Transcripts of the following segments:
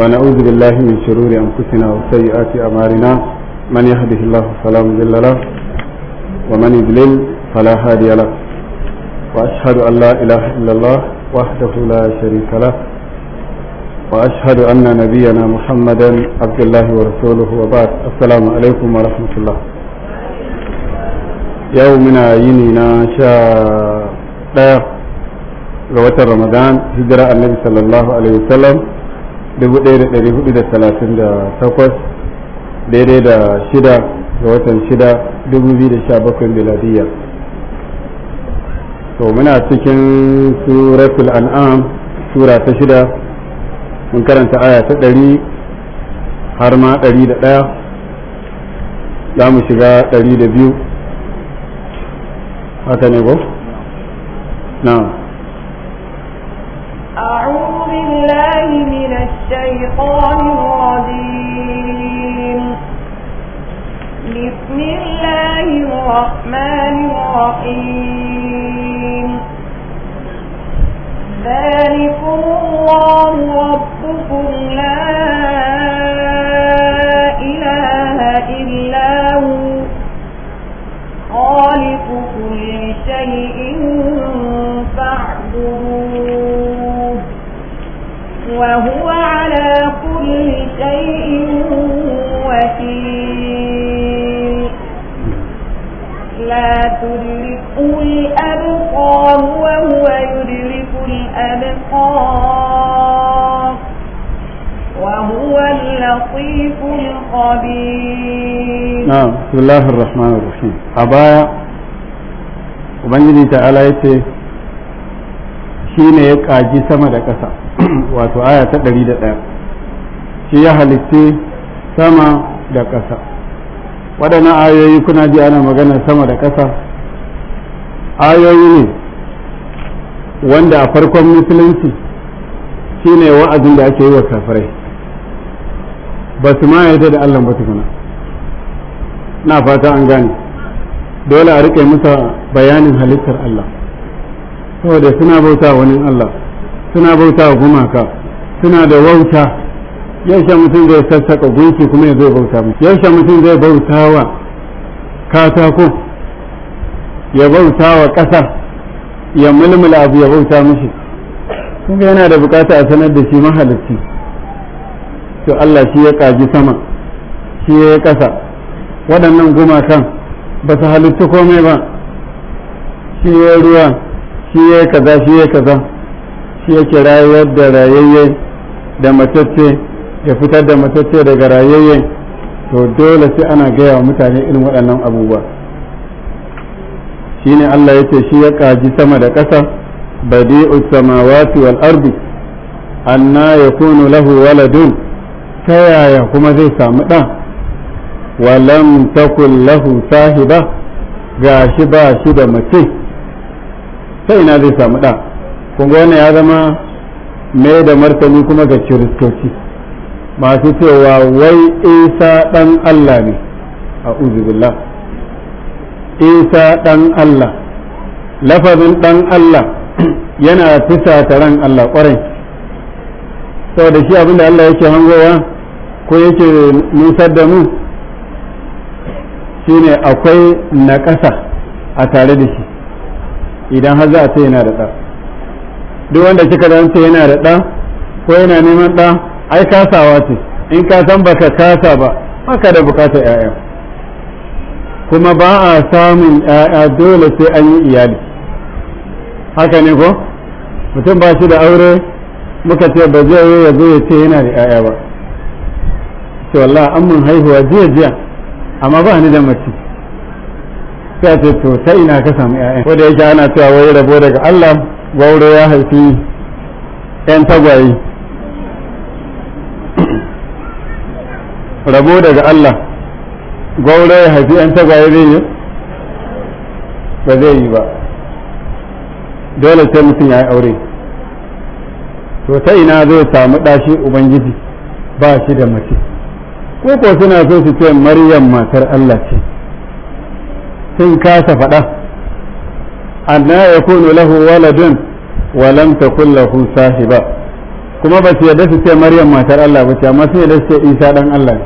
ونعوذ بالله من شرور أنفسنا وسيئات أمارنا من يهده الله فلا مضل له ومن يضلل فلا هادي له وأشهد أن لا إله إلا الله وحده لا شريك له وأشهد أن نبينا محمدا عبد الله ورسوله وبعد السلام عليكم ورحمة الله يومنا ينينا شاء ga watan ramadan hijira annabi sallallahu alaihi wasallam 1438 daidai da shida ga watan shida 2017 miladiyya to muna cikin suratul an'am sura ta shida mun karanta aya ta ɗari har ma ɗari da ɗaya za mu shiga ɗari da biyu haka ne ko? na'am أعوذ بالله الشيطان الرجيم بسم الله الرحمن الرحيم ذلكم الله ربكم لا إله إلا هو خالق كل شيء وهو على كل شيء وكيل لا تدركه الأبصار وهو يدرك الأبصار وهو اللطيف الخبير نعم بسم الله الرحمن الرحيم أبايا وبنجي تعالى يتي shine ya kaji sama da ƙasa wato aya ta ɗari da ɗaya shi ya halitti sama da ƙasa waɗannan ayoyi kuna ji ana magana sama da ƙasa ayoyi ne wanda a farkon musulunci shine wa'azin da ake yi wa kafirai ba su ma yarda da Allah ba tukuna na fata an gane dole a riƙe musa bayanin halittar Allah saboda suna bauta wani Allah suna bauta gumaka suna da wauta yaushe mutum zai sassaka gunki kuma ya zai bauta mu yaushe mutum zai bauta wa katako ya bauta wa ƙasa ya mulmula abu ya bauta mishi kuma yana da bukata a sanar da shi mahalicci to Allah shi ya kaji sama shi ya ƙasa waɗannan gumakan ba su halittu komai ba shi ya ruwa shi ya kaza shi ya kaza shi yake rayuwar da rayayye da matacce ya fitar da matacce daga rayayye to dole sai ana gaya wa mutane irin waɗannan abubuwa shine Allah ya ce shi ya kaji sama da ƙasa badi'u samawati wal ardi anna yakunu lahu waladun ta yaya kuma zai samu ɗan walam takun lahu sahiba ga shi ba shi da mace ta ina zai samu ɗa kunga wannan ya zama mai da martani kuma ga kiristoci masu cewa wai isa ɗan allah ne a uzubillah isa ɗan allah lafazin ɗan allah yana fisa ran allah ƙwarai saboda shi abinda allah yake hangowa ko yake nusar da mu shine akwai naƙasa a tare da shi idan har za a ce yana da ɗa duk wanda kika dan ce yana da ɗa ko yana neman ɗa ai kasawa ce in ka san baka kasa ba baka da bukatar ƴaƴa kuma ba a samun ƴaƴa dole sai an yi iyali haka ne ko mutum ba shi da aure muka ce ba zai yi ya zo ya ce yana da ƴaƴa ba to wallahi an mun haihuwa jiya jiya amma ba ni da mace sai ce to ta ina ka samu ƴaƴan ko da yake ana cewa wai rabo daga Allah gauro ya haifi ƴan tagwaye rabo daga Allah gauro ya haifi ƴan tagwaye zai yi ba zai yi ba dole sai mutum ya yi aure to ta ina zai samu ɗashi ubangiji ba shi da mace ko ko suna so su ce maryam matar Allah ce sun kasa faɗa anna yakunu lahu waladun wa lam takul lahu sahiba kuma ba su yarda su ce maryam matar Allah ba ce amma su yarda su ce isa dan Allah ne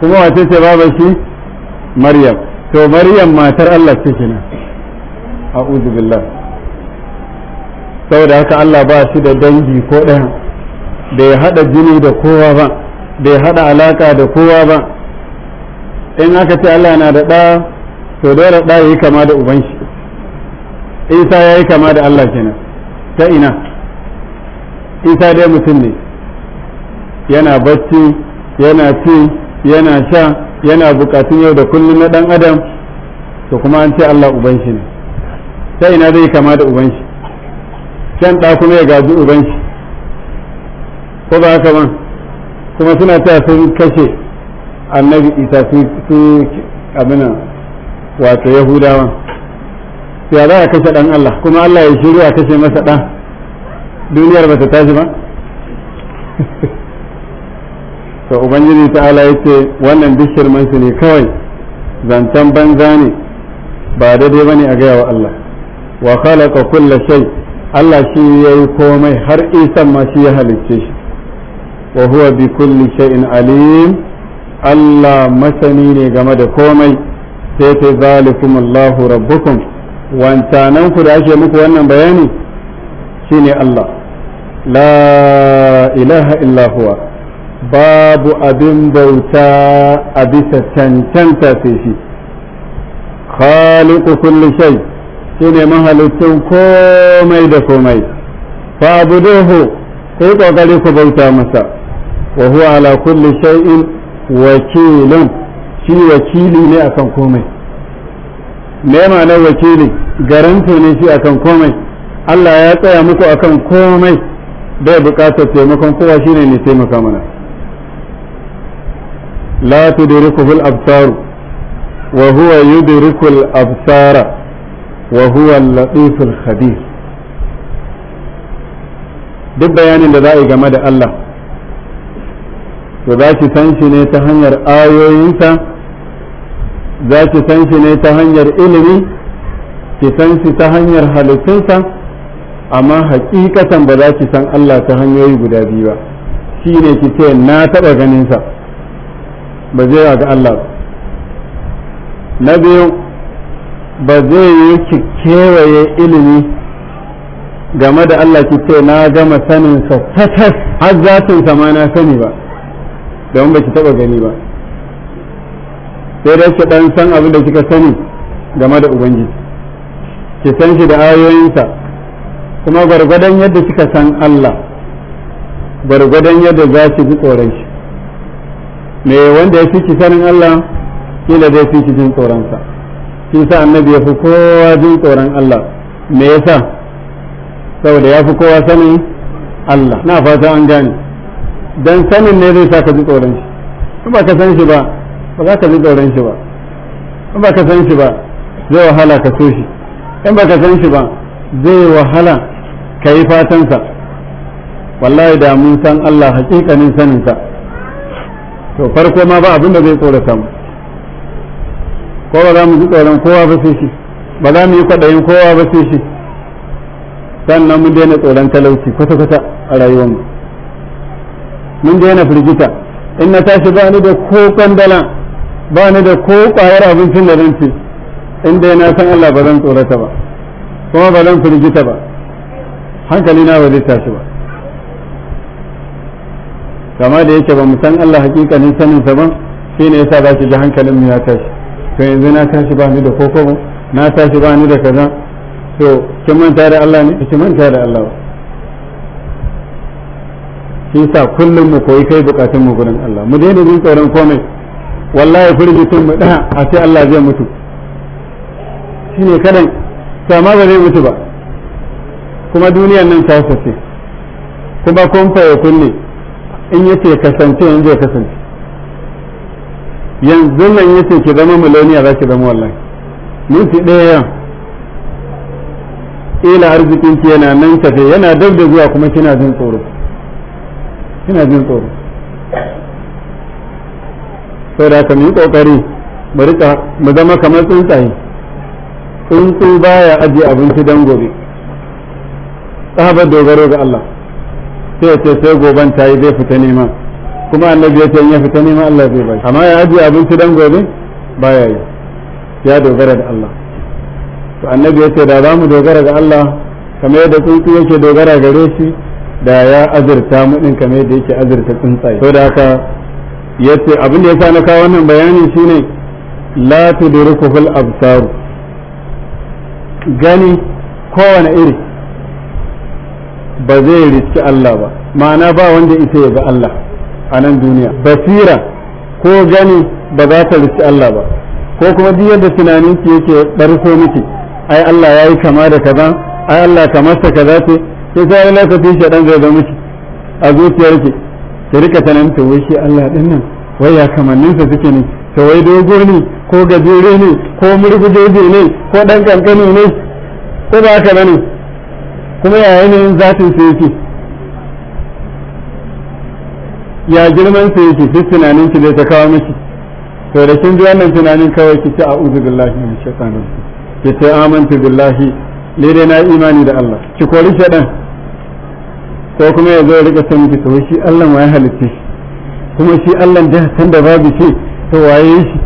kuma wace ce baba shi maryam to maryam matar Allah ce kenan a'udhu billah saboda haka Allah ba shi da dangi ko ɗaya da ya hada jini da kowa ba da ya hada alaka da kowa ba in aka ce Allah na da ɗa to dole da yayi kama da uban shi isa yayi kama da Allah kenan ta ina isa dai mutum ne yana bacci yana ci yana sha yana bukatun yau da kullum na dan adam to kuma an ce Allah uban shi ne ta ina zai kama da uban shi can da kuma ya gaji uban shi ko ba haka ba kuma suna ta sun kashe annabi isa su abin wato yahudawa ya za a kashe ɗan Allah kuma Allah ya shiru a kashe masa dan duniyar ba ta tashi ba to ubangiji ta'ala ya ce wannan duk shirman su ne kawai zancen banza ne ba daidai ba ne a gaya wa Allah wa khalaqa kulla shay Allah shi ya yi komai har isan ma shi ya halicce shi wa huwa bi kulli shay'in alim Allah masani ne game da komai sai ta zalikum Allahu rabbukum wancanan ku da ake muku wannan bayani shine Allah la ilaha illa huwa babu abin bauta a bisa cancanta sai shi khaliqu kulli shay shine mahalicin komai da komai fa'buduhu sai kokari ku bauta masa wa huwa ala kulli shay'in wakilun shi wakili ne akan komai me ma'ana wakili garanto ne shi akan komai Allah ya tsaya muku akan komai bai buƙatar taimakon kowa shine ne taimaka mana la tudrikuhu fil absar wa huwa yudriku al-absara wa huwa al-latif al-khabir duk bayanin da za a yi game da Allah to za ki san shi ne ta hanyar ayoyinsa za ki san shi ne ta hanyar ilimi ki san shi ta hanyar halittunsa amma hakikatan ba za ki san Allah ta hanyoyi guda biyu ba shi ne ki ce na taɓa ganinsa ba zai ga Allah na biyu ba zai yi ki kewaye ilimi game da Allah ki ce na gama saninsa ta har zatinsa ma na sani ba don ba ki taɓa gani ba sai dai ku dan san abin da kika sani game da ubangiji ki san shi da ayoyinsa kuma gwargwadon yadda kika san Allah gwargwadon yadda za ki ji tsoron shi me wanda ya fi ki sanin Allah da dai fi ki jin tsoronsa shi sa annabi ya fi kowa jin tsoron Allah me yasa saboda ya fi kowa sanin Allah na fata an gane dan sanin ne zai sa ka ji tsoron shi ba ka san shi ba ba za ka ji tsoron shi ba in ba ka san shi ba zai wahala ka so shi in ba ka san shi ba zai wahala ka yi fatansa wallahi da mun san Allah hakikanin saninsa to farko ma ba abin da zai tsorata mu ko ba za mu ji tsoron kowa ba sai shi ba za mu yi kwaɗayin kowa ba sai shi sannan mun daina tsoron talauci kwata-kwata a rayuwarmu mun daina firgita in na tashi ba ni da ko dala ba ni da ko ƙwayar abincin da zan ci inda na san Allah ba zan tsorata ba kuma ba zan firgita ba hankali na ba zai tashi ba kama da yake ba mu san Allah hakikanin sanin sa ba ne yasa za ki ji hankalin mu ya tashi to yanzu na tashi ba ni da koko ba na tashi ba ni da kaza to kin manta da Allah ne kin manta da Allah ba shi kullum mu koyi kai bukatun mu gurin Allah mu daina jin tsoron komai wallahi kurji tun mu ɗaya a sai Allah zai mutu shine kadan sama ba zai mutu ba kuma duniyan nan ta sace kuma kun faye kunne in yace kasance in zai kasance yanzu nan yace ki zama miloniya za ki zama wallahi minti ɗaya yau ila arzikin ki yana nan tafe yana dab da zuwa kuma kina jin tsoro kina jin tsoro sai da mu yi kokari bari ka mu zama kamar tsuntsaye tsuntsu baya ajiye abinci dan gobe sahaba dogaro ga Allah sai ce sai goban ta yi zai fita nema kuma annabi ya ce in ya fita nema Allah zai bai amma ya ajiye abinci dan gobe baya yi ya dogara da Allah to annabi ya ce da za mu dogara ga Allah kamar yadda tsuntsu yake dogara gare shi da ya azurta mu din kamar yadda yake azurta tsuntsaye to da haka yace abin da yasa na kawo wannan bayanin shine la tudrikuhul absar gani kowane iri ba zai riski Allah ba ma'ana ba wanda ita ya ga Allah a nan duniya basira ko gani ba za ta riski Allah ba ko kuma duk yadda tunanin ki yake ɗarko miki ai Allah yayi kama da kaza ai Allah kamar ta kaza ce sai sai Allah ka fi shi dan zai ga miki a zuciyarki su rika sanin to wai shi Allah din nan wai ya kamannin sa suke ne to wai dogo ne ko gajere ne ko murgujeje ne ko dan kankani ne ko ba ka bane kuma ya yanayin zatin sa yake ya girman sa yake duk tunanin ki zai ta kawo miki to da kin ji wannan tunanin kawai ki ce a'udhu billahi min shaitanir ki ta amantu billahi lere na imani da Allah ki kori shaɗan ko kuma ya zo ya rika san miki to shi Allah ma ya halitta shi kuma shi Allah da san da babu shi to waye shi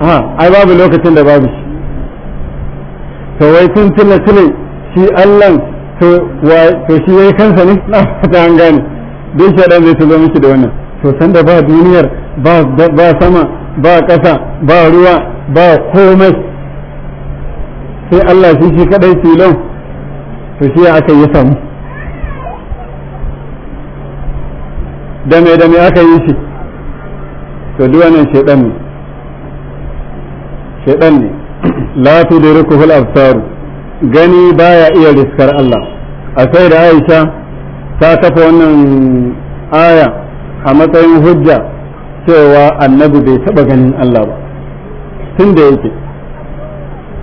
ha ai babu lokacin da babu shi to wai tun tun tuna shi Allah to to shi yayi kansa ne na ta an gane duk shaɗan zai tuzo miki da wannan to san da ba duniyar ba ba sama ba kasa ba ruwa ba komai sai Allah shi shi kadai tilon to shi aka yi samu da me da me aka yi shi to duk wannan shedan ne shedan ne la tudrikuhu al-absar gani baya iya riskar Allah a sai da Aisha ta kafa wannan aya a matsayin hujja cewa annabi bai taba ganin Allah ba tun da yake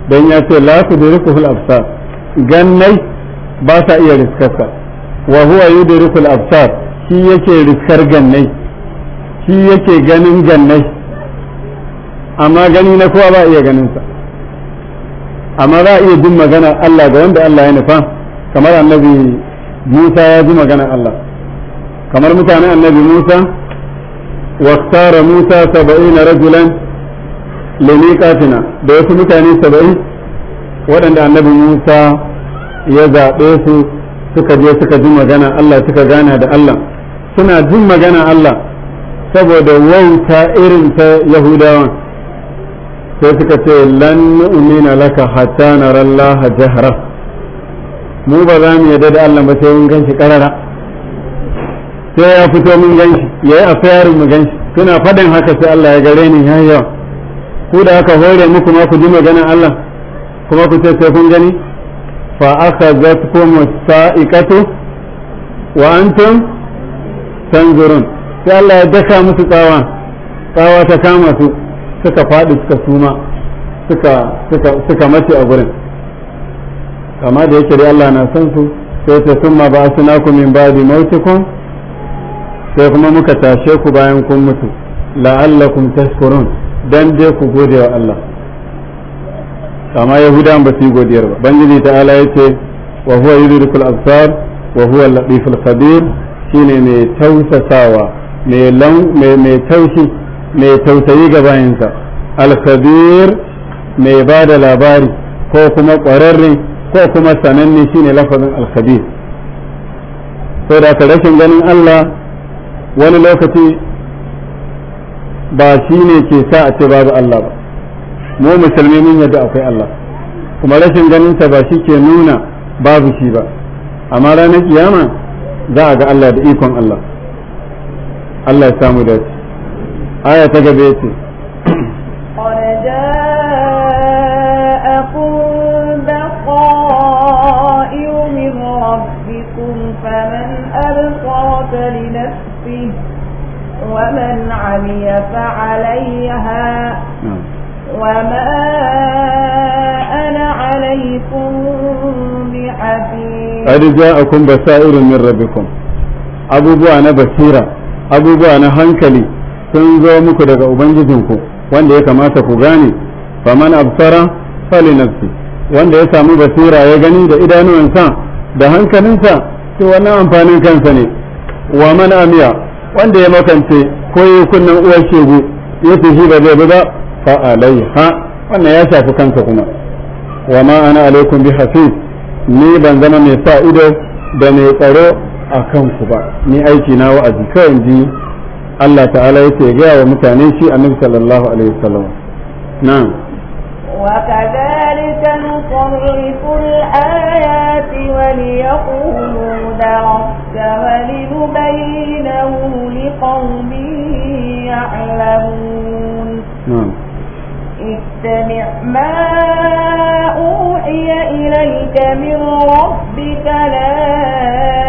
don ya ce la tudrikuhu al-absar gannai ba sa iya sa wa huwa yudrikul absar shi yake rikar gannai shi yake ganin gannai amma gani na kowa ba a iya ganinsa amma za a iya jin magana Allah ga wanda Allah ya nufa kamar annabi Musa ya ji magana Allah kamar mutane annabi Musa واختار موسى سبعين رجلا لميقاتنا da wasu mutane saba'in waɗanda annabi Musa ya zaɓe su suka je suka ji magana Allah suka gana da Allah suna jin magana Allah saboda wauta irin ta Yahudawa sai suka ce lan nu'mina laka hatta nara Allah jahra mu ba za mu yarda da Allah ba sai mun ganshi karara sai ya fito mun ganshi yayi affair mun ganshi suna fadin haka sai Allah ya gare ni yayyo ku da aka hore muku ma ku ji magana Allah kuma ku ce sai kun gani fa akhadhatkum as-sa'iqatu wa antum tanzurun sai Allah ya daka musu tsawa tsawa ta kama su suka faɗi suka suma suka suka suka mace a gurin kama da yake dai Allah na san su sai ta summa ba asnaku min ba'di mautikum sai kuma muka tashe ku bayan kun mutu la'allakum tashkurun dan dai ku gode wa Allah kama yahudan ba su yi godiyar ba bangiji ta'ala yace wa huwa yudrikul absar wa huwa al-latiful khabir shine mai tausasawa mai taushi mai tausayi ga bayansa alkabir mai ba da labari ko kuma ƙwararre ko kuma sananne shine lafazin alkabir sai da rashin ganin Allah wani lokaci ba shi ne ke sa a ce babu Allah ba mu musulmi mun yadda akwai Allah kuma rashin ganinsa ba shi ke nuna babu shi ba amma ranar kiyama za a ga Allah da ikon Allah Allah ya samu da dace aya ta gabe ce ومن عمي فعليها وما أنا عليكم قد جاءكم بصائر من ربكم abubuwa na basira abubuwa na hankali sun zo muku daga ubangijinku wanda ya kamata ku gane faman absara fali nafsi wanda ya sami basira ya gani da idanuwansa da hankalinsa to wannan amfanin kansa ne wa man amiya wanda ya makance ko yi kunnan uwar shegu ya shi ba zai ba fa alaiha wannan ya shafi kansa kuma wa ma ana alaikum bi hafiz ni ban zama mai sa ido da mai tsaro a kanku ba ni aiki na wa'azi kawai ji Allah ta'ala ya yake gaya wa mutane shi annabi sallallahu alaihi wasallam na'am وكذلك نصرف الآيات وليقولوا درست ولنبينه لقوم يعلمون اتبع ما أوحي إليك من ربك لا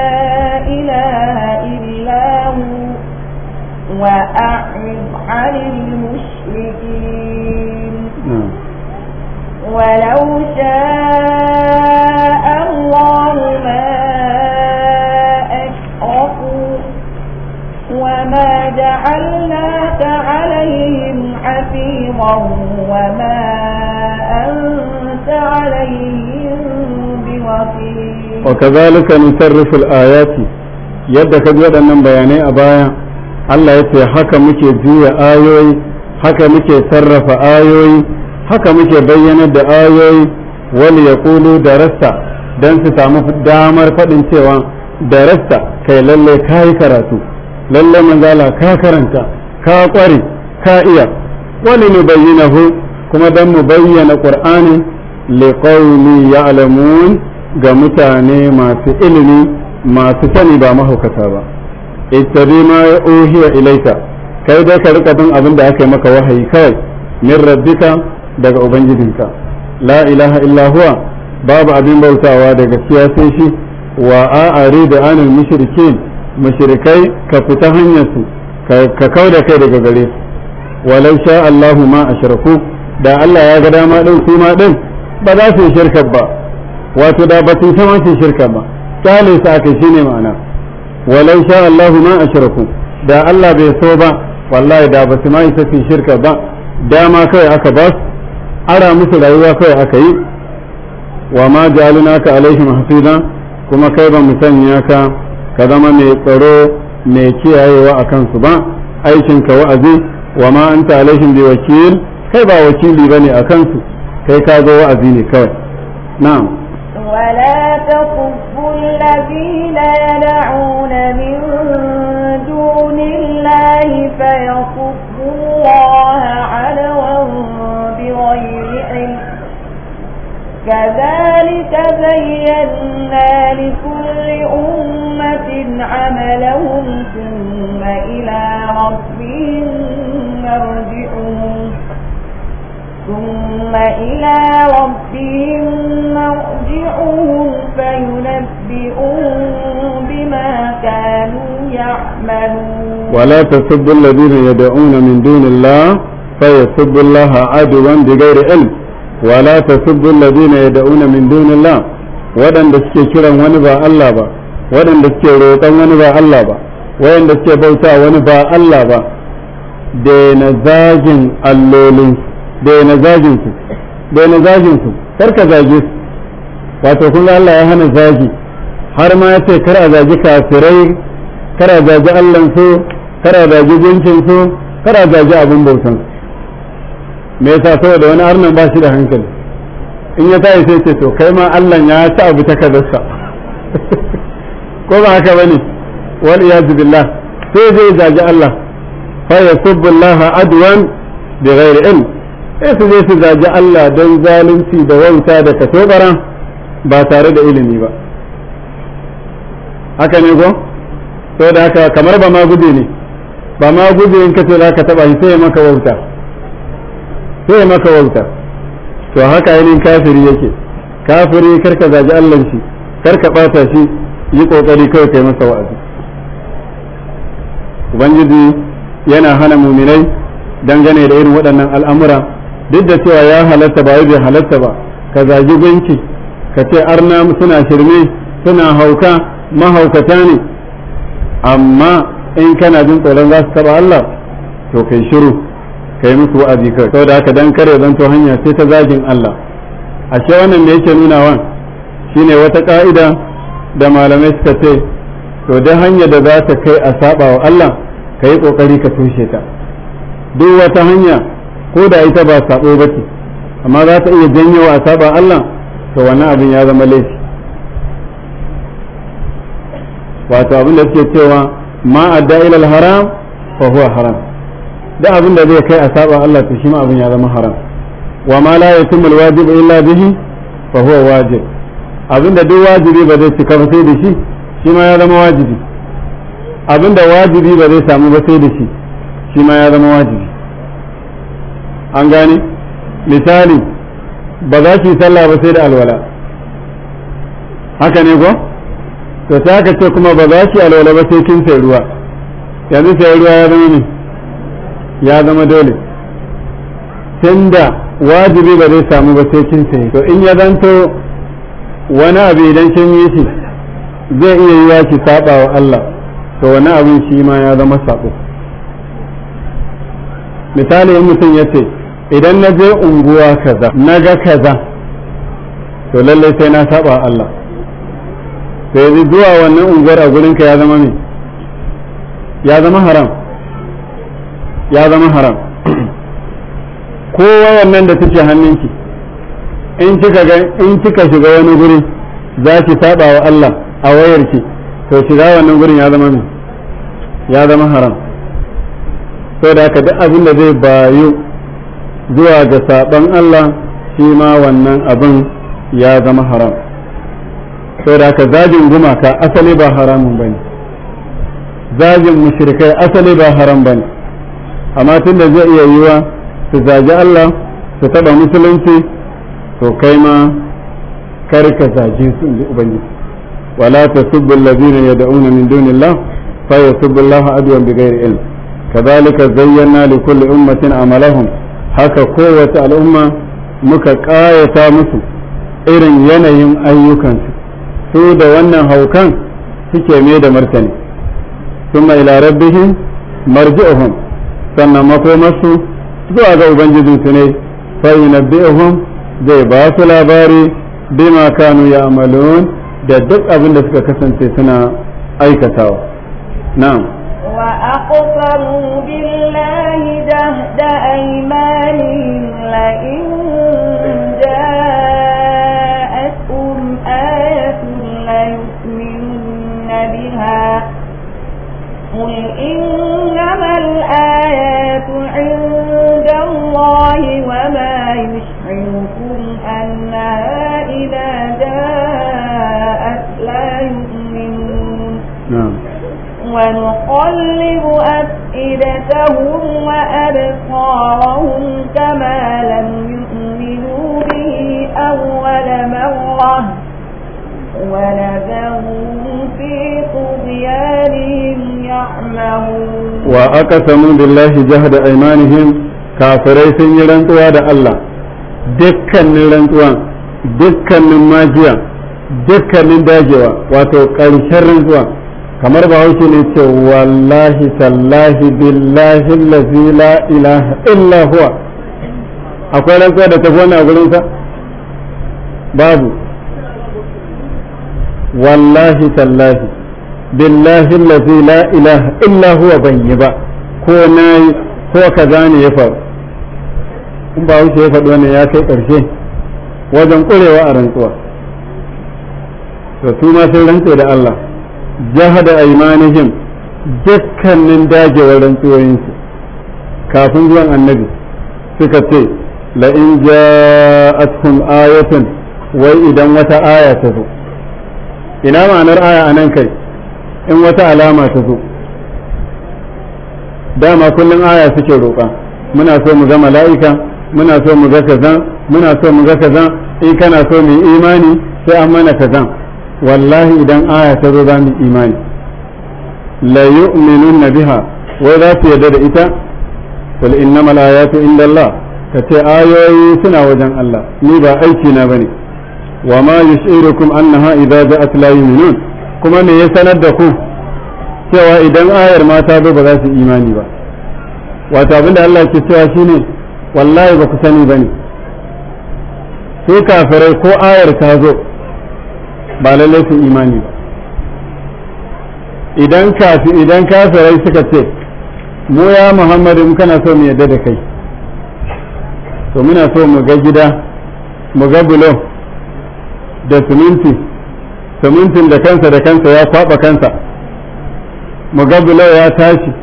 wa kazalika nusarrifu al-ayati yadda kaji waɗannan bayanai a baya Allah ya ce haka muke juya ayoyi haka muke sarrafa ayoyi haka muke bayyanar da ayoyi wani ya kulu da rasta don su samu damar faɗin cewa da rasta kai lalle ka yi karatu lalle zala ka karanta ka ƙware ka iya wani mu bayyana hu kuma dan mu bayyana ƙur'anin liƙauni ya ga mutane masu ilimi masu sani ba mahaukata ba ittabi ma uhiya ilaika kai dai ka rika bin abin da aka yi maka wahayi kawai min rabbika daga ubangijinka la ilaha illa huwa babu abin bautawa da gaskiya sai shi wa a'ari da anil mushrikin mushrikai ka fita hanyar su ka kauda da kai daga gare su walau sha Allahu ma ashraku da Allah ya ga dama din su ma din ba za su shirka ba wato da ba su san shirka ba kyale su aka ne ma'ana walau sha Allah ma ashraku da Allah bai so ba wallahi da ba su ma isa su shirka ba dama kai aka ba su ara musu rayuwa kai aka yi wa ma ka alaihim Hafiza kuma kai ba mu sanya ka ka zama mai tsaro mai kiyayewa a kansu ba ka wa'azi wa ma anta alaihim bi wakil kai ba wakili bane a kansu kai ka zo wa'azi ne kawai na'am ولا تكفوا الذين يدعون من دون الله فيكفوا الله علوا بغير علم كذلك زينا لكل أمة عملهم ثم إلى ربهم مرجعهم ثم إلى ربهم مرجعهم فينبئهم بما كانوا يعملون ولا تسبوا الذين يدعون من دون الله فيسبوا الله عدوا بغير علم ولا تسبوا الذين يدعون من دون الله waɗanda suke kiran wani ba Allah ba waɗanda suke roƙon wani ba Allah ba waɗanda suke bauta wani ba Allah ba da na zagin allolinsu daina zagin su daina zagin su kar zage su wato kun Allah ya hana zagi har ma ya ce kar a zagi kafirai kar a zagi Allah su kar a zagi gunkin su kar a zagi abin bautan me yasa saboda wani arnan ba shi da hankali in ya tayi sai ce to kai ma Allah ya ci abu ta kazarsa ko ba haka bane wal iyad billah sai zai zagi Allah fa yasubbu Allah adwan bighairi ilm sai su je su zagi Allah don zalunci da wauta da katobara ba tare da ilimi ba haka ne ko sai da haka kamar ba ma gude ne ba ma gude in kace za ka taba shi sai maka wauta sai maka wauta to haka ainihin kafiri yake kafiri karka zagi Allah shi karka bata shi yi kokari kawai kai masa wa'azi ubangiji yana hana muminai dangane da irin waɗannan al'amura duk da cewa ya halatta ba bai halatta ba ka zagi gunki ka ce arna suna shirme suna hauka mahaukata ne amma in kana jin tsoron za su taba Allah to kai shiru kai musu wa'azi kai saboda haka dan kare zan to hanya sai ta zagin Allah a ashe wannan da yake nuna wan shine wata ka'ida da malamai suka ce to da hanya da za ta kai a saba wa Allah kai kokari ka tushe ta duk wata hanya ko da ita ba sabo ba ce amma za ta iya janyo wa saba Allah to wannan abin ya zama laifi wato abin da suke cewa ma adda ilal haram fa huwa haram da abin da zai kai a saba Allah to shi ma abin ya zama haram wa ma la yatimul wajib illa bihi fa huwa wajib abin da duk wajibi ba zai cika ba sai da shi shi ma ya zama wajibi abin da wajibi ba zai samu ba sai da shi shi ma ya zama wajibi an gane misali ba za ki sallah ba sai da alwala haka ne ko to sai aka ce kuma ba za ki alwala ba sai kin sai ruwa yanzu sai ruwa ya zama ne ya zama dole tunda wajibi ba zai samu ba sai kin sai to in ya zanto wani abu idan kin yi shi zai iya yi wa ki saba wa Allah to wani abin shi ma ya zama sabo misali in mutum ya ce idan na je unguwa kaza na ga kaza to lallai sai na saba Allah sai zai zuwa wannan unguwar a gurinka ya zama ne ya zama haram ya zama haram kowa wannan da take hannunki in kika ga in kika shiga wani guri za ki saba wa Allah a wayarki to shiga wannan gurin ya zama ne ya zama haram sai da haka duk abin da zai bayu zuwa ga saɓon Allah shi ma wannan abin ya zama haram sai da ka zagin gumaka asali ba haramun ba ne zagin mushrikai asali ba haram ba ne amma tun da zai iya yiwa su zagi Allah su taɓa musulunci to kai ma kar ka zage su inji ubangiji wala tasubbu ya dauna min dunillah fa yasubbu Allah adwan bighairi ilm kadhalika zayyana likulli ummatin amalahum haka kowace al'umma muka ƙayata musu irin yanayin ayyukansu su da wannan haukan suke mai da martani ثم إلى a مرجعهم sannan makomarsu zuwa ga ubangijinsu ne sai zai ba su labari bima kanu ya amalun da duk abin da suka kasance suna aikatawa na'am wa aqsamu bil جهد أيمانهم لئن جاءتهم آية ليؤمنن بها قل إنما الآيات عند الله وما يشعركم أنها إذا جاءت لا يؤمنون نعم. ونقلب أن أفئدتهم وأبصارهم كما لم يؤمنوا به أول مرة ونذرهم في طغيانهم يعمهون وأقسموا بالله جهد أيمانهم kafirai sun yi rantsuwa da Allah dukkanin rantsuwa dukkanin majiya dukkanin dagewa wato ƙarshen rantsuwa kamar ba haushi ne ce wallahi sallahi billahi lazi la ilaha illa huwa akwai rantsuwa da tafi wani a gurinsa babu wallahi sallahi billahi lazi la ilaha illa huwa ban yi ba ko na yi ko kaza ne ya faru in ba haushi ya faɗi ne ya kai ƙarshe wajen ƙurewa a rantsuwa to su sai rantsuwa da Allah jahada aimanihim dukkanin dagewar rantsuwoyinsu kafin zuwan annabi suka ce la'in ja'atkum ayatun wai idan wata aya ta zo ina ma'anar aya a nan kai in wata alama ta zo dama kullum aya suke roƙa muna so mu ga mala'ika muna so mu ga kaza muna so mu ga kaza in kana so mu imani sai an mana kaza wallahi idan aya ta zo za mu imani la yu'minun biha wai za su yarda da ita wal innamal ayatu indallah ka ce ayoyi suna wajen Allah ni ba aiki na bane wa ma yus'irukum annaha idza ja'at la yu'minun kuma me ya sanar da ku cewa idan ayar ma ta zo ba za su imani ba wato abinda Allah ke cewa shine wallahi ba ku sani bane sai kafirai ko ayar ta zo ba lallai su imani ba idan kafi idan kafirai suka ce mu ya muhammadu in kana so mu yadda da kai to muna so mu ga gida mu ga bulo da siminti simintin da kansa da kansa ya kwaba kansa mu ga bulo ya tashi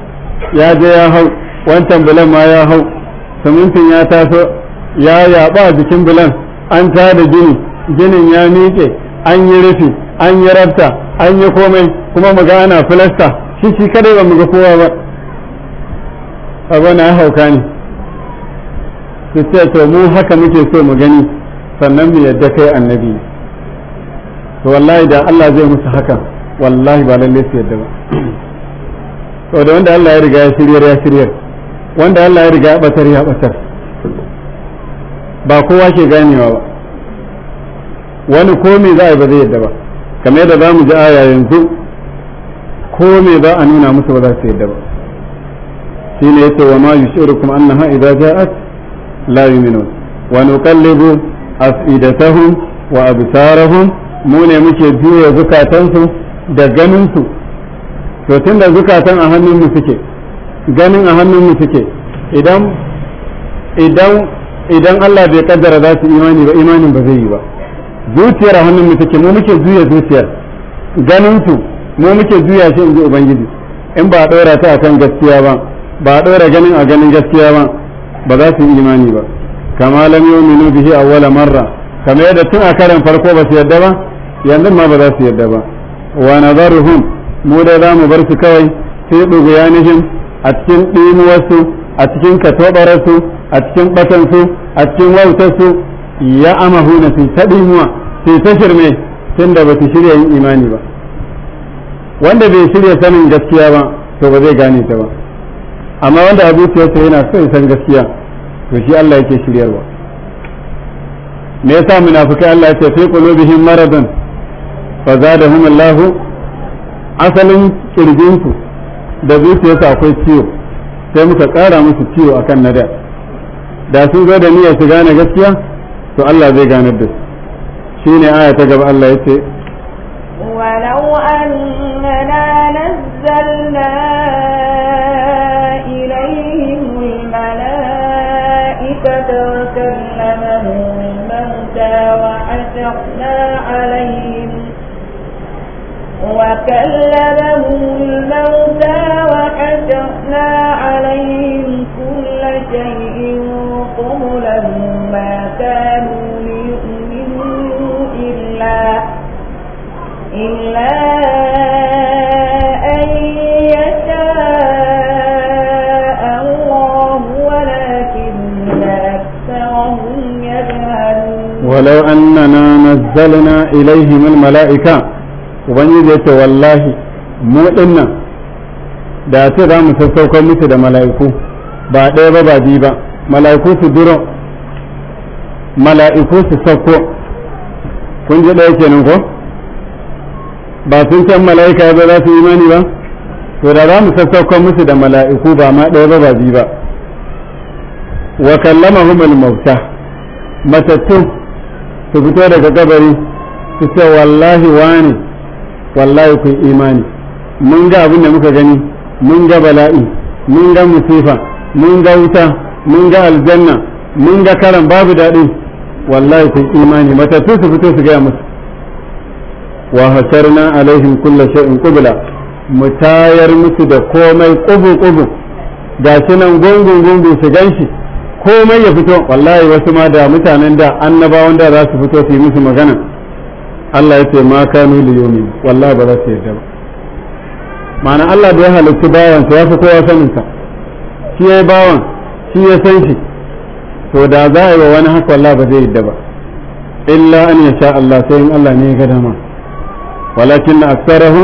ya je ya hau wancan bulon ma ya hau simintin ya taso ya yaba jikin bulon an tada gini ginin ya miƙe an yi rufi an yi rafta an yi komai kuma mu ga ana filasta shi shi kadai ba mu ga kowa ba abu na hauka ne su ce to mu haka muke so mu gani sannan mu yadda kai annabi to wallahi da Allah zai musu haka wallahi ba lalle su yadda ba to da wanda Allah ya riga ya shiryar ya shiryar wanda Allah ya riga ya batar ya batar ba kowa ke ganewa ba wani komai za a yi ba zai yadda ba kamar yadda za mu ji aya yanzu komai za a nuna musu ba za su yadda ba shi ne yake wa ma yushirukum annaha idza ja'at la yu'minun wa nuqallibu af'idatahum wa absarahum mu ne muke juya zukatansu da ganinsu to tun da zukatan a hannun mu suke ganin a hannun mu suke idan idan idan Allah bai kaddara za su imani ba imanin ba zai yi ba zuciyar hannun mu take mu muke juya zuciyar ganin su mu muke juya shi inji ubangiji in ba a ɗora ta kan gaskiya ba ba a ɗora ganin a ganin gaskiya ba ba za su yi imani ba kama lam yu'minu bihi awwala marra kama yadda tun a karan farko ba su yadda ba yanzu ma ba za su yadda ba wa nazaruhum mu da za mu bar su kawai sai duguyanihim a cikin ɗimuwarsu a cikin katobararsu a cikin batansu a cikin wautarsu ya huna sai ta ɗimuwa fi tashir mai tunda ba ta shirya yin imani ba wanda bai shirya sanin gaskiya ba to ba zai gane ta ba amma wanda abu ta yana so ya san gaskiya to shi Allah yake shiryarwa me yasa munafikai Allah ya ce fi qulubihim maradun fa zadahum Allah asalin su da zuciyarsu akwai ciwo sai muka kara musu ciwo akan nada da sun zo da niyyar su gane gaskiya to Allah zai ganar da su shine aya ta gaba Allah yace ولو أننا نزلنا إليهم الملائكة وكلمهم الموتى وحشرنا عليهم وكلمهم الموتى وحشرنا عليهم كل شيء قبلا ما كان walau annana nazzalna ilaihim almala'ika ubangiji yace wallahi mu da ce za mu sassaukar musu da mala'iku ba ɗaya ba ba ba mala'iku su duro mala'iku su sauko kun ji ɗaya kenan ko ba sun can mala'ika ba za su imani ba to da za mu sassaukar musu da mala'iku ba ma ɗaya ba ba ba wa kallamahum al-mauta matattu su fito daga gabari su ce wallahi wani wallahi kun imani mun ga abin da muka gani mun ga bala'i mun ga musifa mun ga wuta mun ga aljanna mun ga karan babu daɗi wallahi kun imani matattu su fito su gaya musu wa hasarna alaihim kulla shay'in qubla mu tayar musu da komai ƙubu ga shi nan gungun gungun su ganshi komai ya fito wallahi wasu ma da mutanen da annabawan da za su fito su yi musu magana Allah ya ce ma kanu yomi wallahi ba za su yarda ba ma'ana Allah da ya bayan bawansa ya fi kowa sa shi ya yi bawan shi ya san shi to da za a yi wa wani haka wallahi ba zai yarda ba illa an ya sha Allah sai in Allah ne ya ga dama walakin aksarahu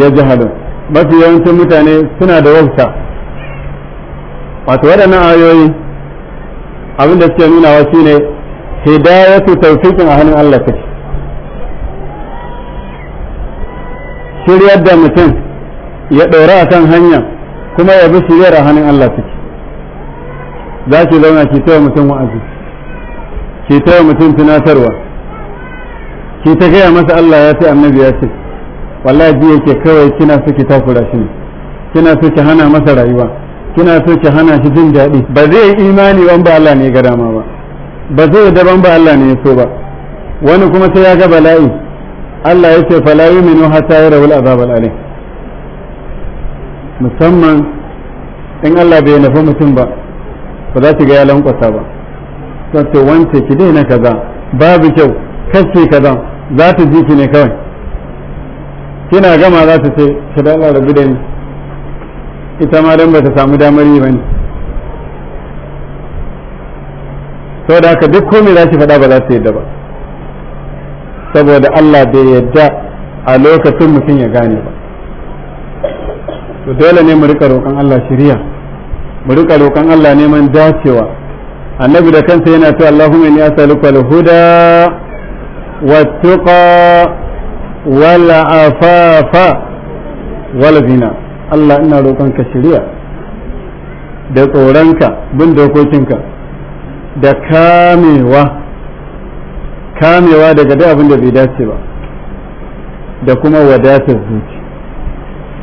ya jahalu mafi yawancin mutane suna da wauta wato waɗannan ayoyi abin da suke nuna wasu ne hidayatu tawfiqin a hannun Allah take shiryar da mutum ya ɗora a kan hanya kuma ya bi shiryar a hannun Allah take za ki zauna ki taya mutum wa'azi ki taya mutum tunatarwa ki ta gaya masa Allah ya ce annabi ya ce wallahi ji yake kawai kina so ki takura shi ne kina so ki hana masa rayuwa kina so ki hana shi jin daɗi ba zai yi imani wani ba Allah ne ga dama ba ba zai da ban ba Allah ne ya so ba wani kuma sai ya ga bala'i Allah ya ce fala yuminu hatta yara wal azab al alim musamman in Allah bai nufa mutum ba ba za ki ga ya lankwasa ba sai wance ki daina kaza babu kyau kace kaza za ta ji ki ne kawai kina gama za ta ce ki da Allah rabu da ni ita ma dan ba ta samu damar yi bane saboda haka duk komai za ki faɗa ba za ta yadda ba saboda Allah bai yadda a lokacin mutum ya gane ba to dole ne mu rika roƙon Allah shiriya mu rika roƙon Allah neman dacewa annabi da kansa yana cewa Allahumma inni as'aluka al-huda wat-tuqa wal afafa wal zina" Allah ina roƙon ka shirya da tsoronka bin dokokinka da kamewa kamewa daga duk abin da bai dace ba da kuma wadatar zuci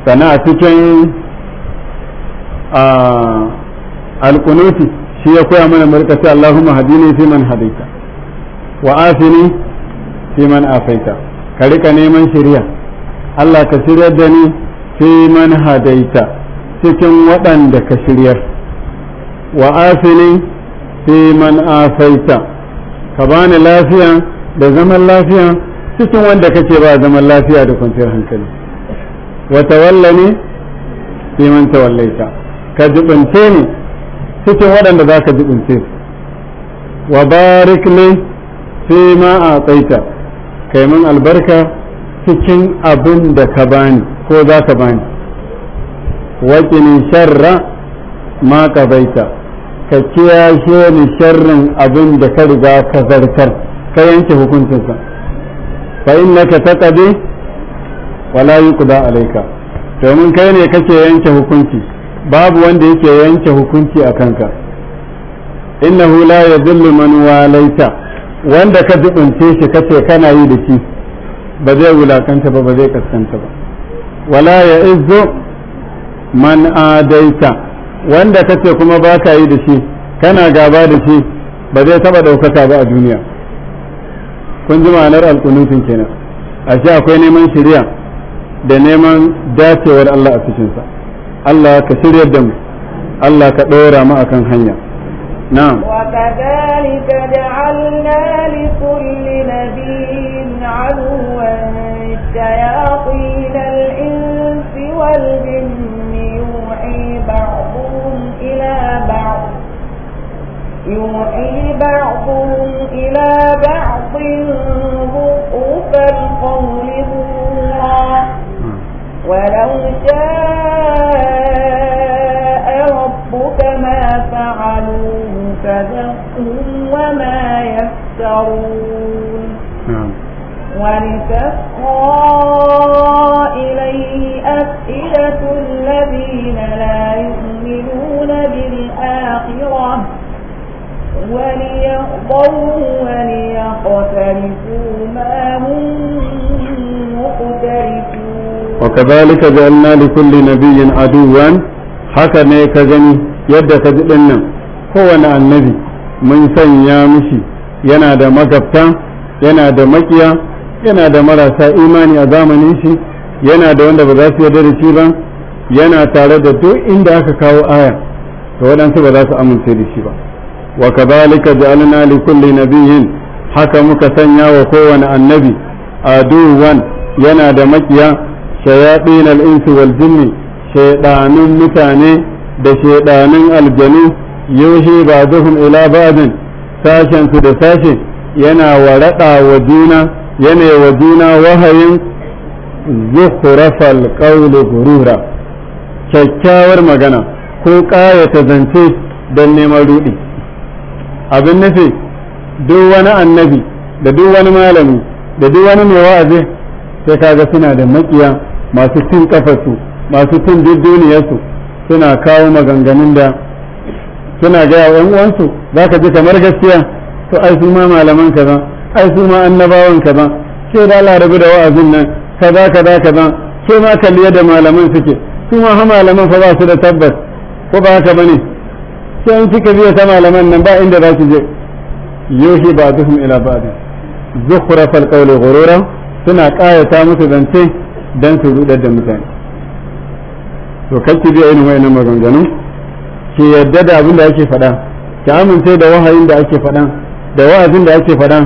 sana a cikin alkunuti shi ya koya mana markaci Allahumma hadini fi man hadaita wa afini fi man afaita ka rika neman shirya Allah ka shirya da ni fi man hadaita cikin waɗanda ka shiryar wa afini fi man afaita ka bani lafiya da zaman lafiya cikin wanda kake ba zaman lafiya da kwanciyar hankali wa tawallani fi man tawallaita ka jibince ni cikin waɗanda za ka jibince wa barik li fi ma ataita kai min albarka cikin abin da ka bani ko za ka bani waƙini sharra ma ka baita ka kiyashe ni sharrin abin da ka riga ka zartar ka yanke hukuncinsa fa innaka taqdi wala yuqda alayka domin kai ne kake yanke hukunci babu wanda yake yanke hukunci a kanka innahu la yadhillu man walaita wanda ka dubunce shi kace kana yi da shi ba zai wulakanta ba ba zai kaskanta ba wala ya izzu man adaita wanda kace kuma ba ka yi da shi kana gaba da shi ba zai taba ɗaukaka ba a duniya kun ji ma'anar alƙunutun kenan shi akwai neman shirya da neman dacewar Allah a cikinsa Allah ka shirya da mu Allah ka ɗora mu akan hanya na'am وكذلك جعلنا لكل نبي عدوا يوحي بعضهم إلى بعض ضعف القول هنا ولو شاء ربك ما فعلوه فذقهم وما يفترون نعم. ولتسقى إليه أفئدة الذين لا وليقضوا وليقترفوا ما هم مقترفون وكذلك جعلنا لكل نبي عدوا haka ne ka gani yadda ka ji nan kowane annabi mun sanya mishi yana da magabta yana da makiya yana da marasa imani a zamanin shi yana da wanda ba su yarda da shi ba yana tare da duk inda aka kawo aya to waɗansu baza su amince da shi ba وكذلك جعلنا لكل نبي haka muka sanya wa kowane annabi aduwan yana da makiya shayaɗin al'insu wal jinni shaiɗanun mutane da shaiɗanun aljanu yushi ba zuhun ila ba'din sashensu da sashe yana waraɗa wa juna yana wa juna wahayin zuhrafal qawli gurura kyakkyawar magana ko ƙayata zance don neman ruɗi abin nufi duk wani annabi da duk wani malami da duk wani mai wa'azi sai kaga suna da makiya masu cin kafarsu masu cin duniyarsu suna kawo maganganun da suna gaya wa uwansu za ka ji kamar gaskiya to ai su ma malaman kaza ai su ma annabawan kaza ke da larabu da wa'azin nan kaza kaza kaza ke ma kalliya da malaman suke su ma ha malaman fa ba su da tabbas ko ba haka bane sai an cika biya ta malaman nan ba inda za su je yoshi ba duhum ila ba'di zukhrafal qawli ghurura suna ƙayata musu zance dan su rudar da mutane to kake biya irin wayannan maganganu ki yadda da abin da ake faɗa ki amince da wahayin da ake faɗa da wa'azin da ake faɗa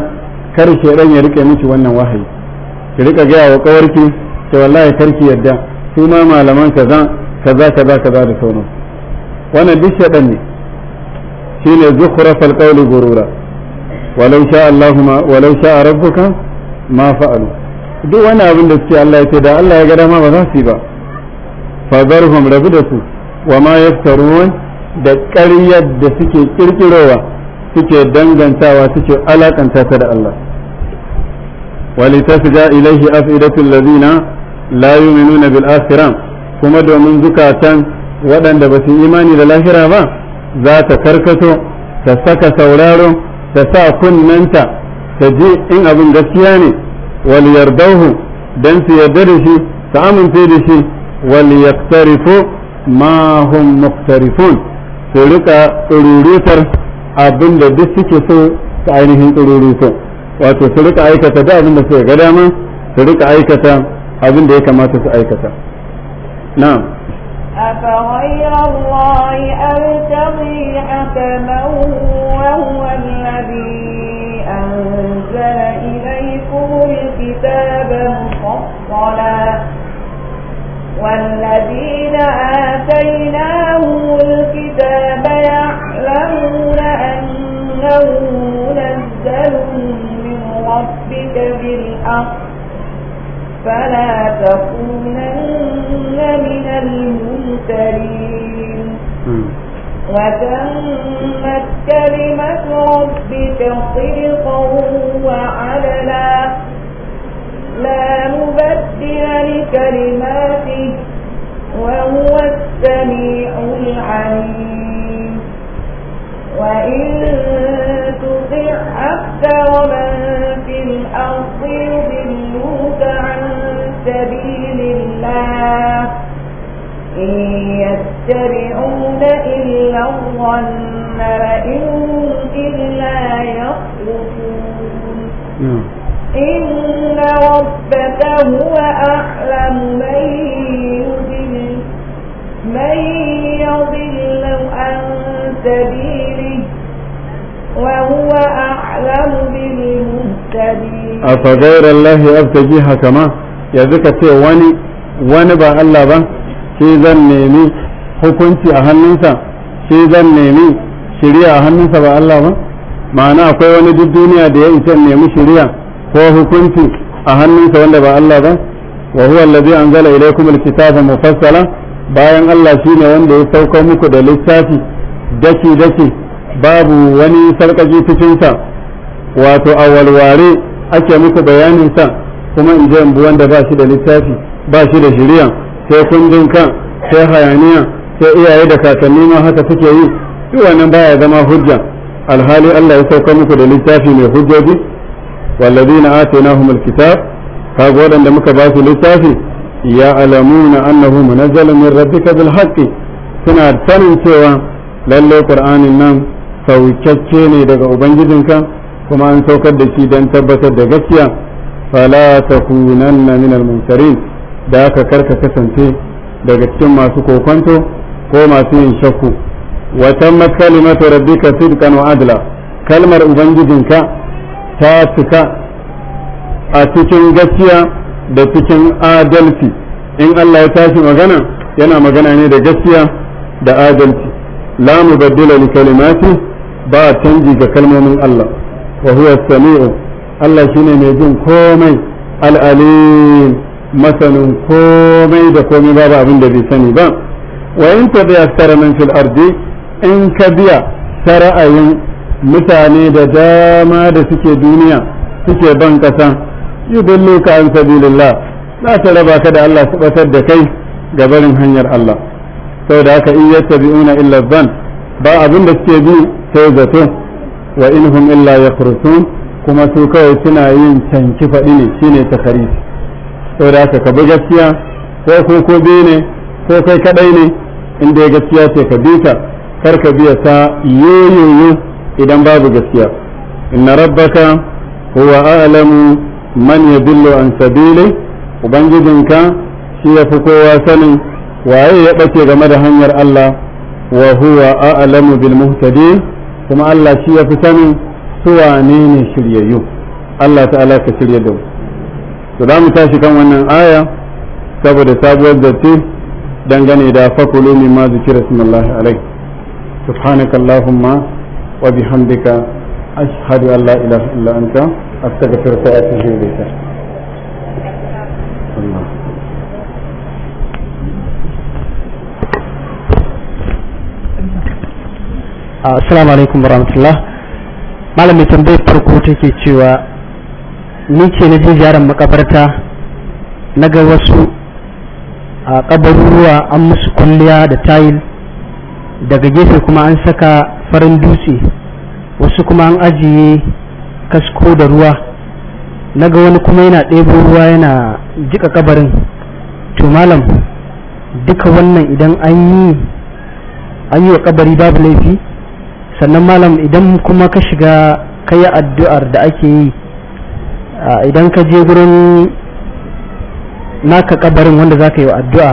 kar shedan ya rike miki wannan wahayi ki rika gaya wa kawarki to wallahi karki yadda su ma malaman kaza kaza kaza kaza da sauran wannan duk shedan ne shine zukhrafal qawli gurura walau sha Allah ma walau sha rabbuka ma fa'alu duk wani abin da suke Allah ya ce da Allah ya ga dama ba za su yi ba fadarhum rabu da su wa ma yaftarun da ƙaryar da suke kirkirowa suke dangantawa suke alakanta ta da Allah ولتفجأ إليه أفئدة الذين لا يؤمنون بالآخرة kuma domin zukatan waɗanda ba su imani da lahira ba za ta karkato ta saka sauraro ta sa kunnanta ta ji in abin gaskiya ne wal yardahu dan su yarda da shi ta amince da shi wal yaktarifu ma hum muktarifun su rika tsururutar abin da duk suke so ta ainihin tsururuto wato su rika aikata da abin da suke ga dama su rika aikata abin da ya kamata su aikata na'am أفغير الله أبتغي حكما وهو الذي أنزل إليكم الكتاب مفصلا والذين آتيناهم الكتاب يعلمون أنه منزل من ربك بالحق فلا تكونن من الممترين وتمت كلمة ربك صدقا وعدلا لا مبدل لكلماته وهو السميع العليم وإن تطع أكثر من في الأرض إن يتبعون إلا الظن وإنهم إلا يخرجون إن ربك هو أعلم من يضل من يضل عن سبيله وهو أعلم بالمهتدين أفغير الله أبتجي كما يذكر ذكر واني wani ba Allah sai zan nemi hukunci a hannunsa sai zan nemi shari'a a hannunsa ba Allah ba ma'ana akwai wani duk duniya da ya isa nemi shari'a ko hukunci a hannunsa wanda ba Allah ba wa huwa allazi anzala ilaykum alkitaba mufassala bayan Allah shine wanda ya sauka muku da littafi daki daki babu wani sarkaji cikin sa wato awalware ake muku bayanin sa kuma in je in bi wanda ba shi da littafi ba shi da shari'a sai kundin kan sai hayaniya sai iyaye da kakanni ma haka suke yi duk wannan baya zama hujja alhali Allah ya sauka muku da littafi mai hujjoji walladina atainahum alkitab kaga waɗanda muka ba su littafi ya alamuna annahu munazzalun min rabbika bil haqqi suna sanin cewa lalle qur'anin nan saukakke ne daga ubangijinka kuma an saukar da shi don tabbatar da gaskiya fala takunanna min al-mumtarin da aka karka kasance daga cikin masu kokonto ko masu yin shakku wa tammat kalimatu rabbika sidqan wa adla kalmar ubangijinka ta cika a cikin gaskiya da cikin adalci in Allah ya tashi magana yana magana ne da gaskiya da adalci la mubaddila li kalimati ba canji ga kalmomin Allah wa huwa samiu Allah shine mai jin komai al-alim masanin komai da komai babu abin da bai sani ba wa in tabi'a saranan fil ardi in ka biya ra'ayin mutane da dama da suke duniya suke ban kasa yudilluka an sabilillah za ta raba ka da Allah su batar da kai ga barin hanyar Allah saboda haka in yattabi'una illa dhann ba abin da suke bi sai zato wa inhum illa yakhrusun kuma su kawai suna yin canki faɗi ne shine takari. saboda haka ka bi gaskiya ko ko ko biyu ne ko kai kadai ne in dai gaskiya ce ka bi ka kar ka biya ta yoyoyo idan babu gaskiya inna rabbaka huwa a'lamu man yadullu an sabili ubangijinka shi ya fi kowa sanin waye ya bace game da hanyar Allah wa huwa a'lamu bil muhtadin kuma Allah shi ya fi sanin su wane ne shiryayyu Allah ta'ala ka shirya da mu to za mu tashi kan wannan aya saboda sabuwar zance dangane da fakulu ma zikira sunallahi alai subhanaka allahumma wa bihamdika ashhadu an la ilaha illa anta astaghfiruka wa atubu ilayk Assalamu alaikum warahmatullah Malam mai tambayar farko take cewa ni ce na je ziyarar makabarta na ga wasu a kabaruruwa an musu kulliya da tayil daga gefe kuma an saka farin dutse wasu kuma an ajiye kasko da ruwa na ga wani kuma yana ɗebo ruwa yana jika kabarin to malam duka wannan idan an yi an yi wa kabari babu laifi sannan malam idan kuma ka shiga kayi addu'ar da ake yi Ah, idan ka je gurin naka kabarin wanda za ka yi wa addu'a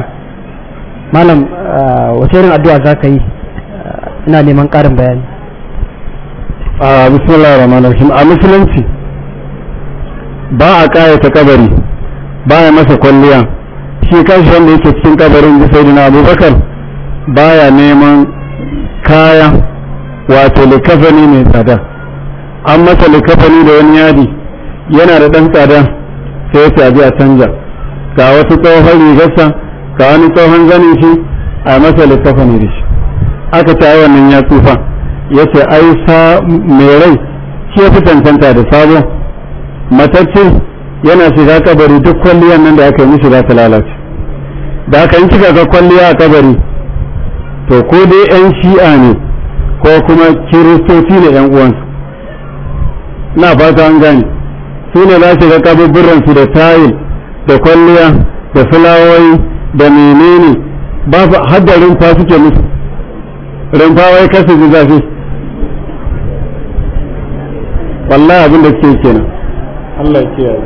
malam ah, wace irin addu'a za ka yi ah, ina neman ƙarin bayani a bismillah rahman rahim a musulunci ba a ƙayata kabari ba ya masa kwalliya shi kanshi wanda yake cikin kabarin bisa yi na abubakar ba ya neman kaya wato likafani mai tsada an masa likafani da wani yadi yana da ɗan tsada sai ya ce a canja ga wasu tsohon rigarsa ga wani tsohon zanin shi a masa littafin da shi aka ta wannan ya tsufa ya ce ai sa mai rai shi ya fi tantanta da sabo matacce yana shiga kabari duk kwalliyar nan da aka yi mishi za ta lalace da aka yi kika ga kwalliya a kabari to ko dai yan shi'a ne ko kuma kiristoci ne yan uwansu na fata an gane su ne za su ga kaburburansu da tayil da kwalliya da fulawoyi da menene ba fa hadda rumfa suke musu rumfa wai kasu ji zafi wallahi abin da suke kenan Allah kiyaye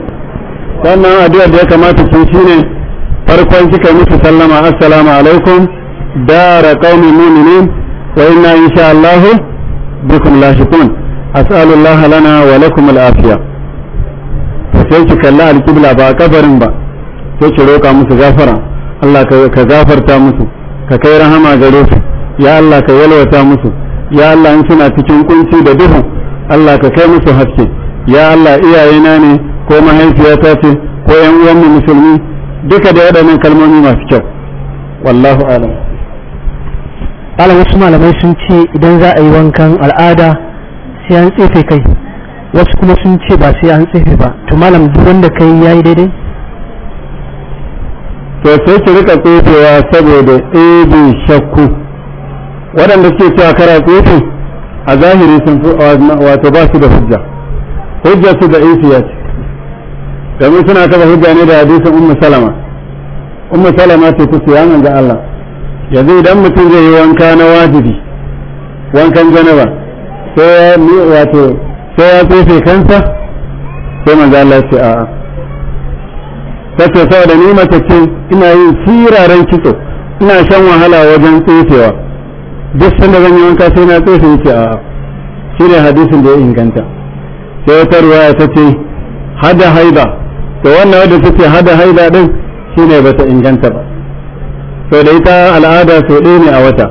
wannan addu'ar da ya kamata su shine farkon kika musu sallama assalamu alaikum dara qaumi mu'minin wa inna insha Allah bikum lahiqun as'alullaha lana wa lakum al-afiyah to sai ki kalla alƙibla ba kabarin ba sai ki roƙa musu gafara Allah ka gafarta musu ka kai rahama gare su ya Allah ka yalwata musu ya Allah in suna cikin kunci da duhu Allah ka kai musu haske ya Allah na ne ko mahaifiyata ce ko yan uwan mu musulmi duka da waɗannan kalmomi masu kyau wallahu alam alam wasu malamai sun ce idan za a yi wankan al'ada sai an tsefe kai wasu kuma sun ce ba sai an tsefe ba to malam duk wanda kai yayi daidai to sai ki rika tsofewa saboda ebe shakku waɗanda suke cewa kara tsofe a zahiri sun fi wato ba su da hujja hujja su da ya ce domin suna taba hujja ne da hadisin ummu salama ummu salama ce ta siya manzo Allah yanzu idan mutum zai yi wanka na wajibi wankan janaba sai wato sai ya tsefe kansa sai manzo Allah ya ce a'a tace saboda ni mace ce ina yin siraren kitso ina shan wahala wajen tsefewa duk sanda zan yi wanka sai na tsefe ce a'a shine hadisin da ya inganta sai wata ruwaya ta ce hada haida to wannan wadda ta ce hada haida din shine bata inganta ba sau da ita al'ada sau ɗaya ne a wata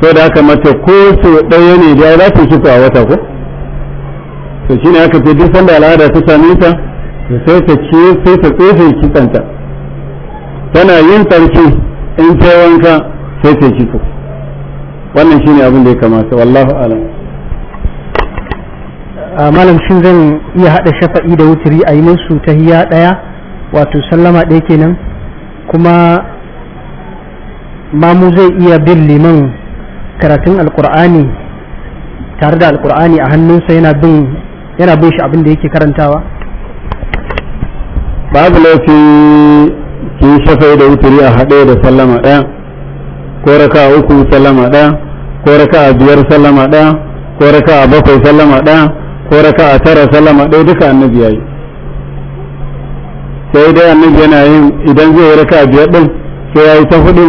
sai da haka mace ko sau ɗaya ne da za ta kitso a wata ko to shine aka ce duk sanda al'ada ta same ta sai ta ce sai ta tsefe kitanta tana yin tarki in ta wanka sai ta kitso wannan shine abin da ya kamata wallahu alam malam shin zan iya hada shafa'i da wuturi a yi musu tahiyya daya wato sallama ɗaya kenan kuma mamu zai iya bin liman karatun alkur'ani tare da alkur'ani a hannunsa yana bin yana bin shi abin da yake karantawa babu laifi ki shafa da wuturi a haɗe da sallama ɗaya ko raka uku sallama ɗaya ko raka biyar sallama ɗaya ko raka bakwai sallama ɗaya ko raka tara sallama ɗaya duka annabi yayi sai dai annabi yana yin idan zai yi raka biyar ɗin sai ya yi ta hudu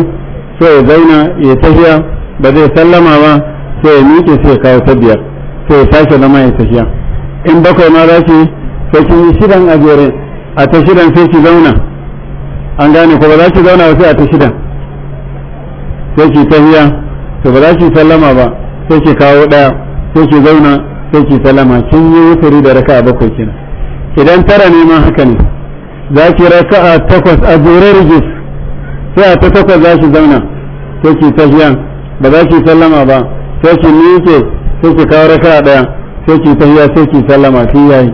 sai ya zauna ya tafiya ba zai sallama ba sai ya miƙe sai ya kawo ta biyar sai ya sake zama ya tafiya in bakwai ma za yi sai kin yi shidan a jere a ta shidan sai ki zauna an gane ko ba za ki zauna sai a ta shidan sai ki tahiya to ba za ki sallama ba sai ki kawo daya sai ki zauna sai ki sallama kin yi wuturi da raka'a bakwai kenan idan tara ne ma haka ne za ki raka'a takwas a jere rigis sai a ta takwas za ki zauna sai ki tahiya ba za ki sallama ba sai ki miƙe sai ki kawo raka'a daya sai ki tahiya sai ki sallama shi yayi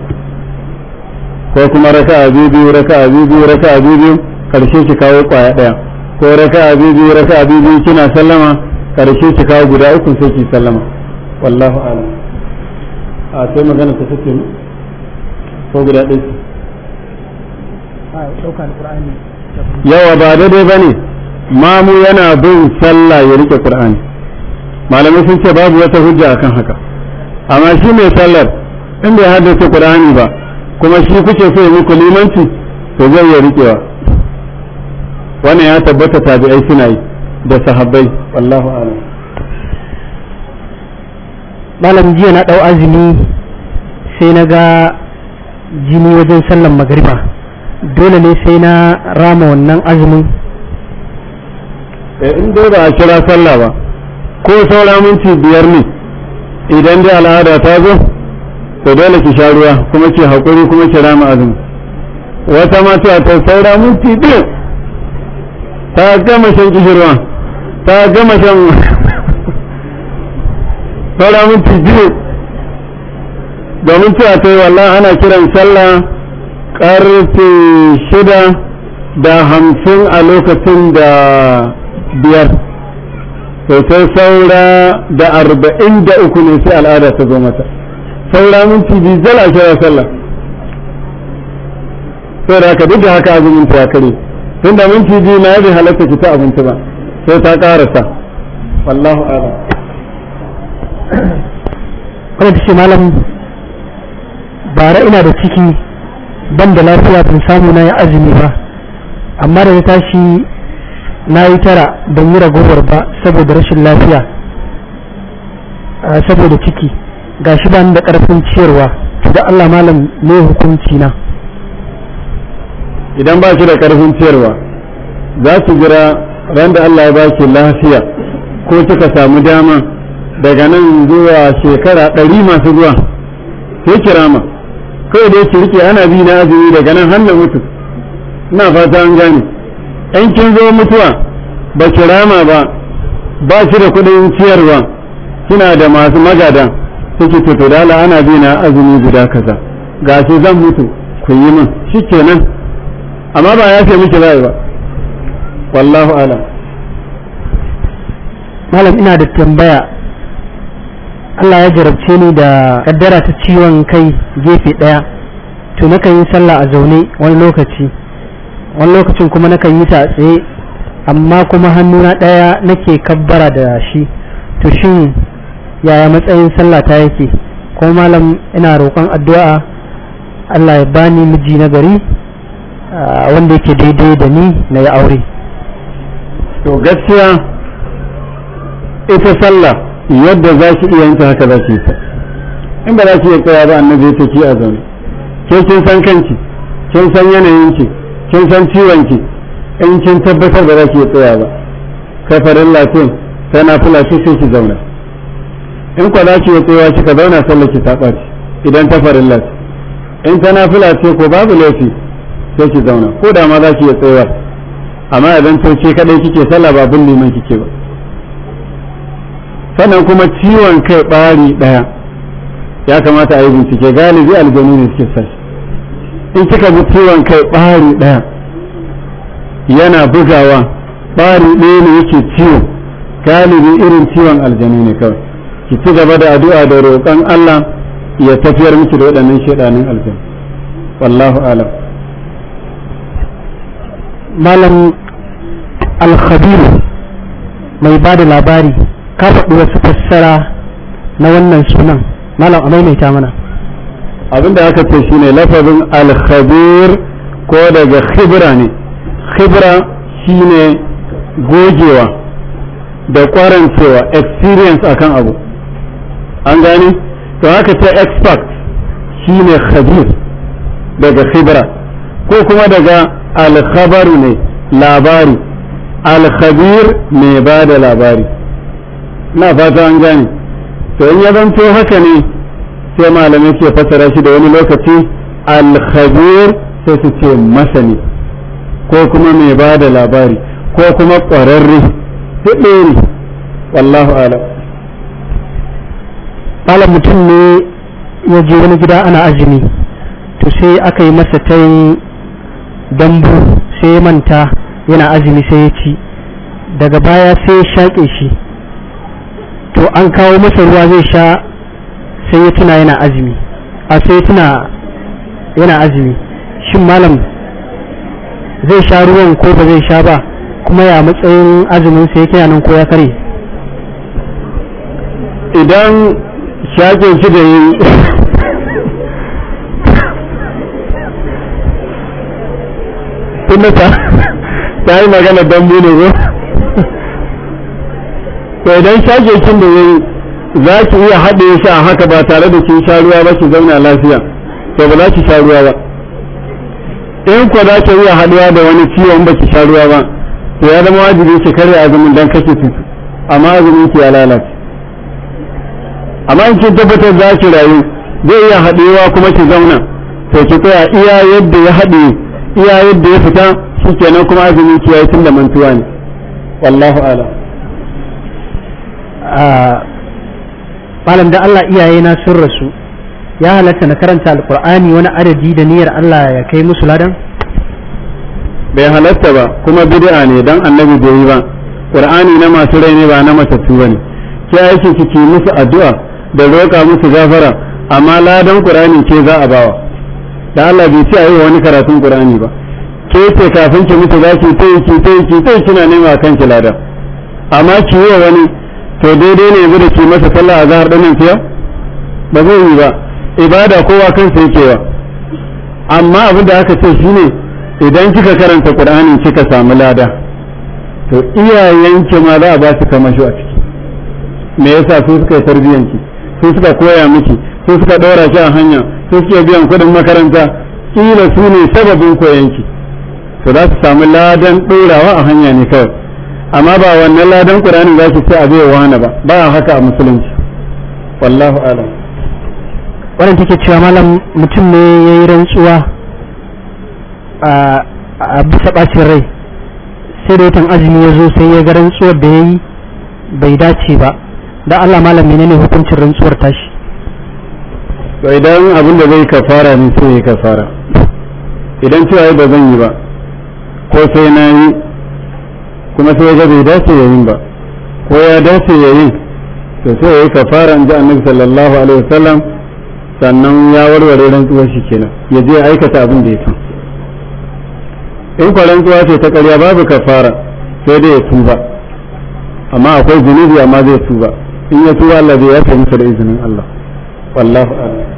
ko kuma raka'a biyu biyu raka'a biyu biyu raka'a biyu biyu karshe ki kawo kwaya daya ko raka'a biyu biyu raka'a biyu biyu kina sallama karshe ki kawo guda uku sai ki sallama wallahu a'lam a sai magana ta take ko guda ɗaya yawa ba daidai ba ne mamu yana bin sallah ya rike qur'ani malamai sun ce babu wata hujja akan haka amma shi mai sallar in bai haddace qur'ani ba kuma shi kuke so muku limanci to zai iya rikewa wannan ya tabbata tabi'ai suna yi da sahabbai wallahu a'lam malam jiya na dau azumi sai na ga jini wajen sallan magariba dole ne sai na rama wannan azumin eh, in dai ba a kira sallah ba ko sauran minti biyar ne idan dai al'ada ta zo to dole ki sha ruwa kuma ki haƙuri kuma ki rama azumi wata ma ta saura minti biyu ta gama shan kishirwa ta gama shan saura minti biyu domin cewa ta yi wallah ana kiran sallah ƙarfe shida da hamsin a lokacin da biyar to sai saura da arba'in da uku ne sai al'ada ta zo mata saura minti biyu zala shara sallah sai da haka duk da haka azumin ta kare tun da minti biyu na yadda halatta ki ta abinci ba sai ta karasa wallahu ala kuma ta ce malam bara ina da ciki ban da lafiya ban samu na yi azumi ba amma da ya tashi na yi tara ban yi ragowar ba saboda rashin lafiya saboda ciki ga shi ba ni da ƙarfin ciyarwa to da Allah malam ne hukunci na idan ba shi da karfin ciyarwa za su jira ran da Allah ya ba shi lafiya ko kika samu dama daga nan zuwa shekara ɗari masu zuwa sai kirama kawai dai yake rike ana bi na azumi daga nan har na mutu ina fata an gane in kin zo mutuwa ba ki rama ba ba shi da kuɗin ciyarwa kina da masu magada suke to to dala ana bi na azumi guda kaza shi zan mutu ku yi min kenan amma ba ya ce miki bai ba wallahu ala malam ina da tambaya Allah ya jarabce ni da kaddara ta ciwon kai gefe daya to nakan yi sallah a zaune wani lokaci wani lokacin kuma na kan yi ta tsaye amma kuma hannuna ɗaya nake kabbara da shi to shin yaya matsayin sallah ta yake ko malam ina roƙon addu'a Allah ya bani miji na gari wanda yake daidai da ni na yi aure to gaskiya ita sallah yadda za ki iya yanta haka za ki yi in ba za ki iya tsaya ba annabi ta ki a zaune kin san kanki kin san yanayinki kin san ciwon ki in kin tabbatar da za ki tsaya ba kafarin lafiyan sai na fula shi sai ki zauna in kwa za ki tsaya ka zauna sallar ki ta ɓaci idan ta farin lafiya in ta na fula ce ko babu laifi sai ki zauna ko da ma za ki tsaya amma idan ce kadai kike sallah ba bin liman kike ba sannan kuma ciwon kai ɓari ɗaya ya kamata a yi bincike galibi aljanu ne suke sashi in kika bi ciwon kai ɓari ɗaya yana bugawa ɓari ɗaya ne yake ciwo galibi irin ciwon aljanu ne kawai ki ci gaba da addu'a da roƙon Allah ya tafiyar miki da waɗannan shaidanin aljanu wallahu alam malam alkhabiru mai ba da labari ka faɗi wasu fassara na wannan sunan malam a maimaita mana abin da aka ce shine lafazin alkhabir ko daga khibra ne khibra shine gogewa da kwarancewa experience akan abu an gane to aka ce expert shine khabir daga khibra ko kuma daga alkhabaru ne labari alkhabir mai ba da labari na fata an gane to in ya zanto haka ne sai malamai ke fasara shi da wani lokaci alkhabir sai su ce masani ko kuma mai ba da labari ko kuma ƙwararre fiɗeri wallahu alam malam mutum ne ya je wani gida ana azumi to sai aka yi masa ta dambu sai manta yana azumi sai ya ci daga baya sai ya shaƙe shi to an kawo masa ruwa zai sha sai ya tuna yana azumi a sai ya tuna yana azumi shin malam zai sha ruwan ko ba zai sha ba kuma ya matsayin azumin sa yake nan ko ya kare idan shagin shi da yi tunda ta ta yi magana don dambu ne ko idan shagin shi da yi za ki iya haɗe shi a haka ba tare da kin sha ruwa ba ki zauna lafiya to ba za ki sha ruwa ba in ko za ki iya haɗuwa da wani ciwon ba ki sha ruwa ba to ya zama wajibi ki karya azumin dan kashe ki amma azumin ki ya lalace amma in kin tabbatar za ki rayu zai iya haɗewa kuma ki zauna to ki tsaya iya yadda ya haɗe iya yadda ya fita shikenan kuma azumin ki ya yi tun da mantuwa ne wallahu a'lam ah, malam da Allah iyaye na sun rasu ya halatta na karanta alkur'ani wani adadi da niyyar Allah ya kai musu ladan bai halatta ba kuma bid'a ne dan annabi bai yi ba qur'ani na masu rai ne ba na matattu bane ki aiki kike musu addu'a da roƙa musu gafara amma ladan qur'ani ke za a bawa da Allah bai ci ayi wani karatun qur'ani ba ke ce kafin ki mutu zaki ki yi ki ta ki kina nema kanki ladan amma ki yi wani to daidai ne yanzu da ke masa sallah a zahar ɗanin siya ba zai yi ba ibada kowa kansa yake kewa amma abin da aka ce shi ne idan kika karanta qur'anin kika samu lada to iyayenki ma za a ba su shi a ciki me yasa su suka yi tarbiyyanki su suka koya miki su suka ɗora shi a hanya su suke biyan kuɗin makaranta kila su ne sababin koyanki to za su samu ladan ɗorawa a hanya ne kawai amma ba wannan ladan qur'ani za su ce a zai wani ba ba haka a musulunci wallahu alam wannan take cewa malam mutum ne yayi rantsuwa a bisa bacin rai sai da watan azumi ya zo sai ya ga rantsuwar da yayi bai dace ba da Allah malam menene hukuncin rantsuwar tashi to idan abin da zai kafara ne sai ya kafara idan cewa ba zan yi ba ko sai na yi kuma sai ya ga bai dace yin ba ko ya dace yayin to sai ya yi kafara in ji annabi sallallahu alaihi wasallam sannan ya warware tuwa shi kenan ya je aikata abin da ya san in kwaran tuwa ce ta ƙarya babu kafara sai dai ya tuba amma akwai zunubi amma zai tuba in ya tuba Allah zai yafe masa da izinin Allah wallahu a'lam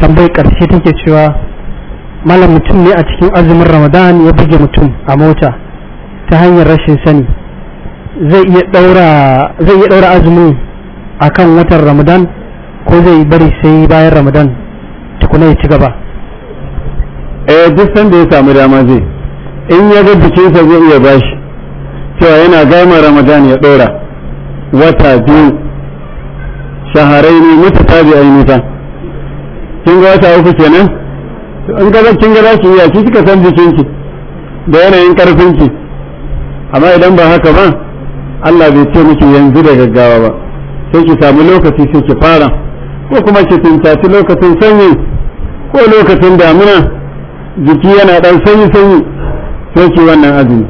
tambayi karshe take cewa malam mutum ne a cikin azumin Ramadan ya buge mutum a mota ta hanyar rashin sani zai iya ɗaura azumin a kan watan ramadan ko zai bari sai bayan ramadan tukuna ya ci gaba eh duk sanda ya samu dama zai in ya ga jikinsa zai iya bashi cewa yana gama ramadan ya daura wata biyu shaharai ne mutu yi nisa kin ga wata uku kenan in ga kin ga za su iya ki kika san jikinki da yanayin karfinki amma idan ba haka ba Allah bai ce miki yanzu da gaggawa ba sai ki samu lokaci sai ki fara ko kuma ki tuntaci lokacin sanyi ko lokacin damuna jiki yana dan sanyi sanyi sai ki wannan azumi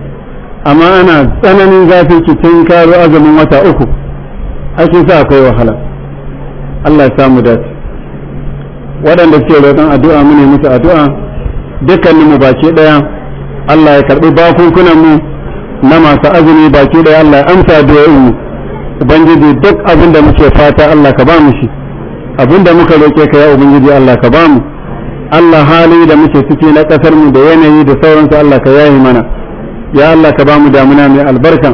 amma ana tsananin zafi ki karo azumin wata uku ake sa akwai wahala Allah ya samu dace waɗanda ke roƙon addu'a mu ne musu addu'a ba baki ɗaya Allah ya karɓi bakunkunan mu na masu azumi baki da Allah amsa du'a'in ubangiji duk abin da muke fata Allah ka ba mu shi abin da muka roƙe ka ya ubangiji Allah ka ba mu Allah hali da muke ciki na ƙasar mu da yanayi da sauransu Allah ka yayi mana ya Allah ka ba mu damuna mai albarka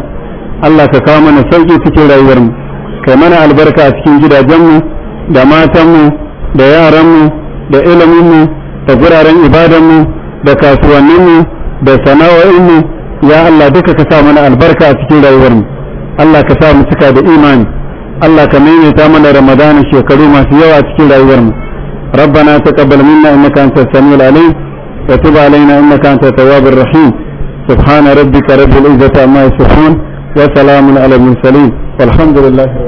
Allah ka kawo mana sauki cikin rayuwar mu kai mana albarka a cikin gidajen mu da matan mu da yaran mu da ilimin mu da guraren ibadan mu da kasuwannin mu da sana'o'in mu يا الله دك كسامنا البركة في دايورن الله كسام سكا بإيمان الله كمين تامنا رمضان شيء كريم في يوا في ربنا تقبل منا إنك أنت السميع العليم وتب علينا إنك أنت التواب الرحيم سبحان ربك رب العزة عما يصفون وسلام على المرسلين والحمد لله رب